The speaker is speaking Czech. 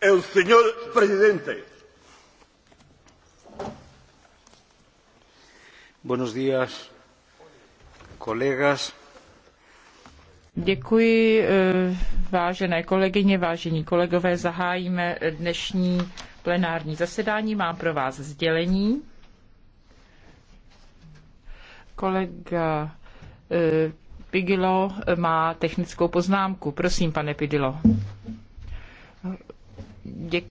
El señor presidente. Buenos días, colegas. Děkuji, eh, vážené kolegyně, vážení kolegové. Zahájíme dnešní plenární zasedání. Mám pro vás sdělení. Kolega eh, Pigilo má technickou poznámku. Prosím, pane Pidilo. Děkuji.